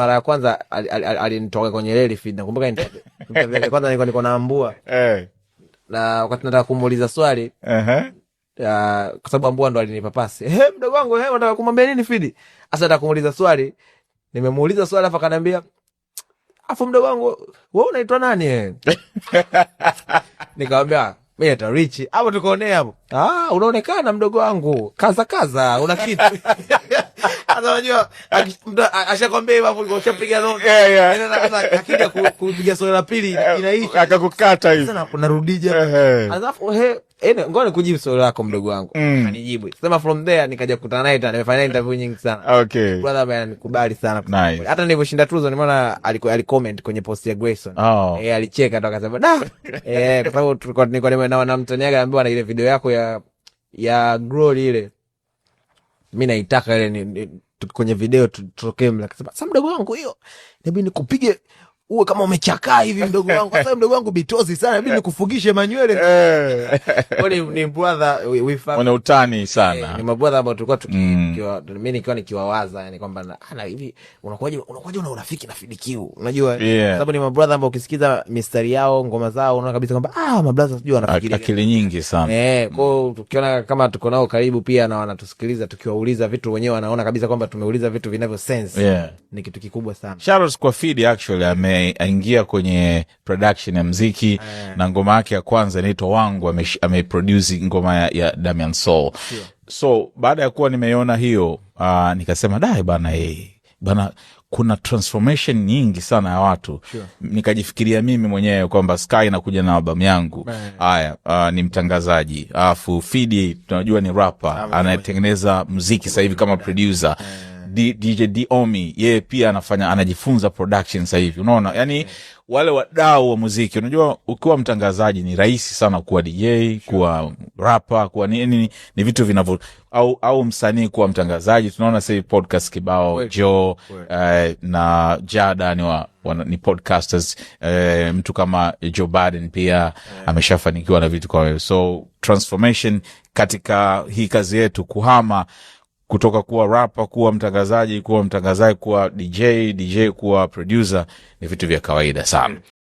mara ya kwanza alinitoka al, al, kwenye reli fid Nakumbuka kwanza niko niko naambua eh, na wakati nataka kumuuliza swali uh -huh. Uh, kwa sababu ambua ndo alinipa pasi eh, mdogo wangu eh, nataka kumwambia nini fid asa nataka kumuuliza swali, nimemuuliza swali afa kaniambia afu mdogo wangu wewe unaitwa nani eh? Nikamwambia mimi naitwa Rich hapo, tukoonea hapo Ah, unaonekana mdogo wangu, kaza kaza, una kitu unajua. Ashakwambia hivyo, ushapiga yaani akija kupiga swali la pili inaisha, akakukata hivi, sasa, narudija alafu he Ene, ngoja kujibu swali lako mdogo wangu. Mm. Sema from there nikaja kukutana naye tena nimefanya interview nyingi sana. Okay. Brother bana nikubali sana. Nice. Hata nilivyoshinda tuzo nimeona alicomment kwenye post ya Grayson. Oh. Eh, alicheka tu akasema, "Da." Eh, kwa sababu tulikuwa nilikuwa na mtaniaga anambiwa na ile video yako ya ya ya grow ile mi naitaka ile kwenye video tutokee mle, sa mdogo wangu hiyo nabii nikupige uwe kama umechakaa hivi mdogo wangu, kwa sababu mdogo wangu bitozi sana, inabidi nikufugishe manywele. Kwani eh. ni bwadha wana utani eh, sana, ni mabwadha ambao tulikuwa mm. tukiwa, mimi nikiwa nikiwawaza, yani kwamba ana hivi, unakuwaje unakuwaje una urafiki na Fidikiu, unajua sababu ni mabwadha ambao ukisikiza mistari yao ngoma zao unaona kabisa kwamba ah, mabwadha sijui wanafikiria akili nyingi sana eh. Kwa mm. tukiona kama tuko nao karibu pia na wanatusikiliza, tukiwauliza vitu wenyewe wanaona kabisa kwamba tumeuliza vitu vinavyo sense, ni kitu kikubwa sana. Charles kwa Fidi actually ame ameingia kwenye production ya mziki yeah. na ngoma yake ya kwanza inaitwa Wangu, ameproduce ame ngoma ya, ya Damian Soul Sio. So baada ya kuwa nimeona hiyo uh, nikasema dae bana, hey, bana kuna transformation nyingi sana ya watu sure. Nikajifikiria mimi mwenyewe kwamba Sky inakuja na albamu yangu eh. haya, uh, ni mtangazaji alafu Fidi tunajua ni rapa anayetengeneza mziki sahivi kama eh. producer Ae. Eh. DJ Diomi yeye pia anafanya anajifunza production sasa hivi, unaona yani yeah. Wale wadau wa muziki, unajua ukiwa mtangazaji ni rahisi sana kuwa DJ sure. kuwa rapa kuwa nini ni, ni, ni vitu vinavyo au, au msanii kuwa mtangazaji. Tunaona sasa podcast kibao Joe uh, na Jada ni, wa, wa, ni podcasters uh, mtu kama Joe Biden pia yeah. ameshafanikiwa na vitu kwa wewe, so transformation katika hii kazi yetu kuhama kutoka kuwa rapa kuwa mtangazaji kuwa mtangazaji kuwa DJ DJ kuwa producer ni vitu vya kawaida sana.